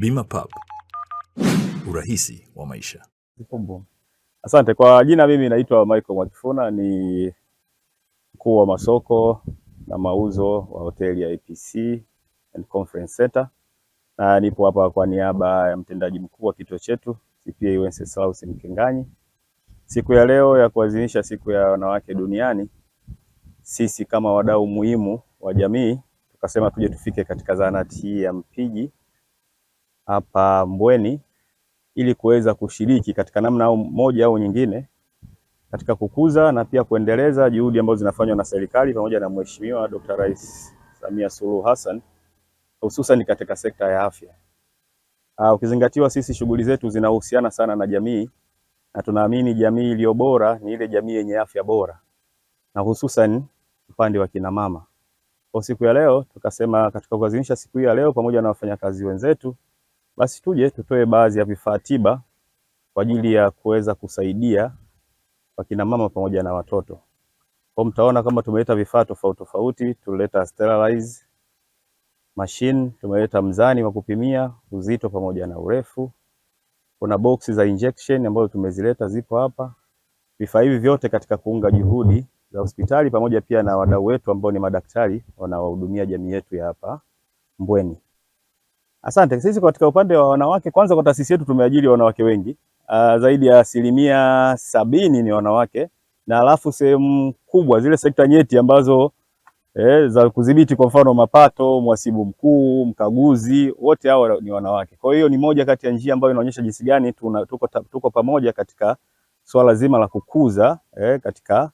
Bima Pub, urahisi wa maisha. Asante kwa jina, mimi naitwa Michael Mwakifuna, ni mkuu wa masoko na mauzo wa hoteli ya APC and Conference Center, na nipo hapa kwa niaba ya mtendaji mkuu wa kituo chetu CPA Wenceslaus Mkenganyi. Siku ya leo ya kuadhimisha siku ya wanawake duniani, sisi kama wadau muhimu wa jamii tukasema tuje tufike katika zahanati hii ya Mpiji hapa Mbweni ili kuweza kushiriki katika namna au moja au nyingine katika kukuza na pia kuendeleza juhudi ambazo zinafanywa na serikali pamoja na Mheshimiwa Dr. Rais Samia Suluhu Hassan hususan katika sekta ya afya. Uh, ukizingatiwa sisi shughuli zetu zinahusiana sana na jamii na tunaamini jamii iliyo bora ni ile jamii yenye afya bora na hususan upande wa kina mama. Kwa siku ya leo tukasema katika kuadhimisha siku hii ya leo pamoja na wafanyakazi wenzetu basi tuje tutoe baadhi ya vifaa tiba kwa ajili ya kuweza kusaidia wakina mama pamoja na watoto. Kwa mtaona kama tumeleta vifaa tofauti tofauti, tuleta sterilize machine, tumeleta mzani wa kupimia uzito pamoja na urefu. Kuna boksi za injection ambazo tumezileta zipo hapa. Vifaa hivi vyote katika kuunga juhudi za hospitali pamoja pia na wadau wetu ambao ni madaktari wanaohudumia jamii yetu ya hapa Mbweni. Asante. Sisi katika upande wa wanawake, kwanza kwa taasisi yetu tumeajiri wanawake wengi uh, zaidi ya asilimia sabini ni wanawake, na alafu sehemu kubwa zile sekta nyeti ambazo eh, za kudhibiti, kwa mfano mapato, mhasibu mkuu, mkaguzi, wote hao ni wanawake. Kwa hiyo ni moja kati ya njia ambayo inaonyesha jinsi gani tuko, tuko pamoja katika swala zima la kukuza eh, katika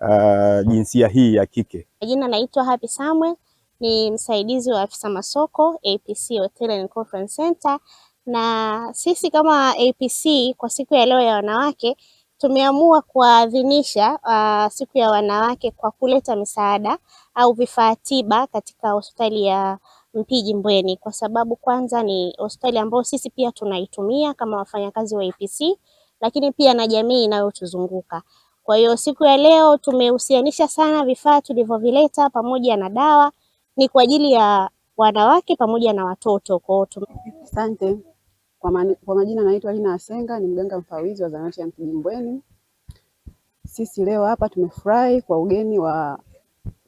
uh, jinsia hii ya kike. Jina naitwa Happy Samuel ni msaidizi wa afisa masoko APC Hotel and Conference Center, na sisi kama APC kwa siku ya leo ya wanawake tumeamua kuadhimisha uh, ah, siku ya wanawake kwa kuleta misaada au vifaa tiba katika hospitali ya Mpiji Mbweni, kwa sababu kwanza ni hospitali ambayo sisi pia tunaitumia kama wafanyakazi wa APC, lakini pia na jamii inayotuzunguka. Kwa hiyo siku ya leo tumehusianisha sana vifaa tulivyovileta pamoja na dawa ni kwa ajili ya wanawake pamoja na watoto. Asante. Kwa, kwa majina naitwa Lina Asenga, ni mganga mfawizi wa zahanati ya Mkijimbweni. Sisi leo hapa tumefurahi kwa ugeni wa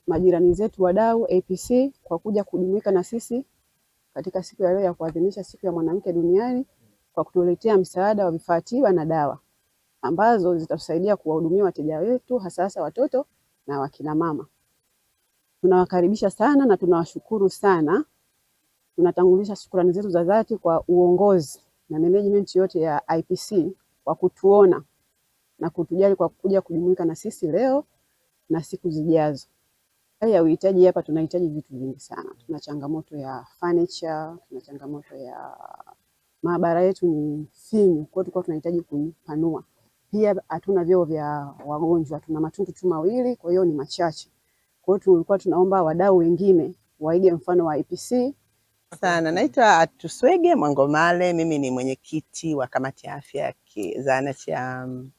majirani zetu wadau APC kwa kuja kujumuika na sisi katika siku ya leo ya kuadhimisha siku ya mwanamke duniani kwa kutuletea msaada wa vifaa tiba na dawa ambazo zitatusaidia kuwahudumia wateja wetu hasa hasa watoto na wakina mama. Tunawakaribisha sana na tunawashukuru sana. Tunatangulisha shukrani zetu za dhati kwa uongozi na management yote ya IPC kwa kutuona na kutujali kwa kuja kujumuika na sisi leo na siku zijazo. Ya uhitaji hapa tunahitaji vitu vingi sana. Tuna changamoto ya furniture, tuna changamoto ya maabara yetu ni finyu, kwa hiyo tulikuwa tunahitaji kuipanua. Pia hatuna vyoo vya wagonjwa, tuna matundu tu mawili, kwa hiyo ni machache. Kwa hiyo tulikuwa tunaomba wadau wengine waige mfano wa IPC sana. Naitwa Atuswege Mwangomale, mimi ni mwenyekiti wa kamati ya afya ya zahanati ya mm,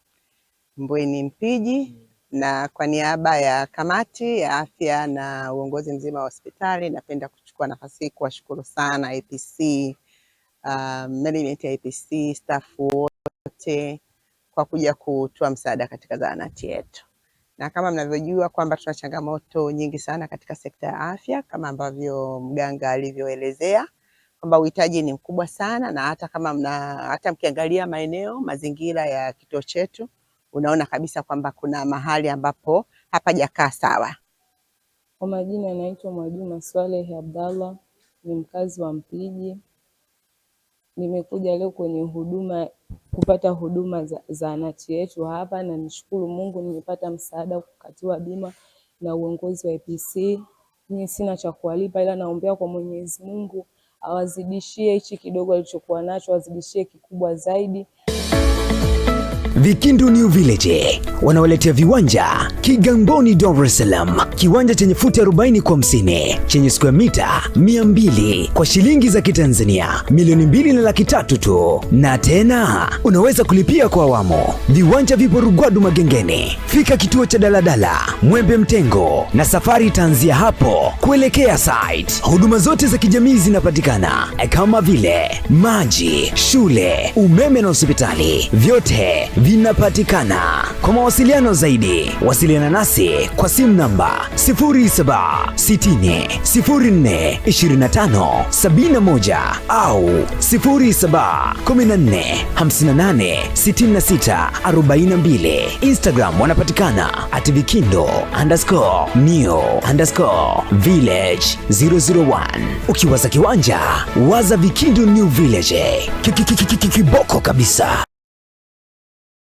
Mbweni Mpiji, na kwa niaba ya kamati ya afya na uongozi mzima wa hospitali napenda kuchukua nafasi hii kuwashukuru sana IPC, uh, management ya IPC, staff wote kwa kuja kutoa msaada katika zahanati yetu na kama mnavyojua kwamba tuna changamoto nyingi sana katika sekta ya afya kama ambavyo mganga alivyoelezea kwamba uhitaji ni mkubwa sana, na hata kama mna, hata mkiangalia maeneo mazingira ya kituo chetu unaona kabisa kwamba kuna mahali ambapo hapajakaa sawa. Kwa majina anaitwa Mwajuma Swaleh Abdallah, ni mkazi wa Mpiji, Nimekuja leo kwenye huduma kupata huduma za zahanati yetu hapa, na nishukuru Mungu nimepata msaada kukatiwa bima na uongozi wa APC. Mimi sina cha kuwalipa, ila naombea kwa Mwenyezi Mungu awazidishie hichi kidogo alichokuwa nacho, awazidishie kikubwa zaidi. Vikindu New Village wanawaletea viwanja Kigamboni, Dar es Salaam, kiwanja chenye futi 40 kwa 50 chenye square mita 200 kwa shilingi za Kitanzania milioni mbili na laki tatu tu, na tena unaweza kulipia kwa awamu. Viwanja vipo Rugwadu Magengeni, fika kituo cha daladala Mwembe Mtengo na safari itaanzia hapo kuelekea site. Huduma zote za kijamii zinapatikana kama vile maji, shule, umeme na hospitali, vyote vi linapatikana. Kwa mawasiliano zaidi, wasiliana nasi kwa simu namba 0760042571 au 0714586642. Instagram wanapatikana at vikindo underscore new underscore village 001. Ukiwaza kiwanja waza Vikindo New Village, kiboko kabisa.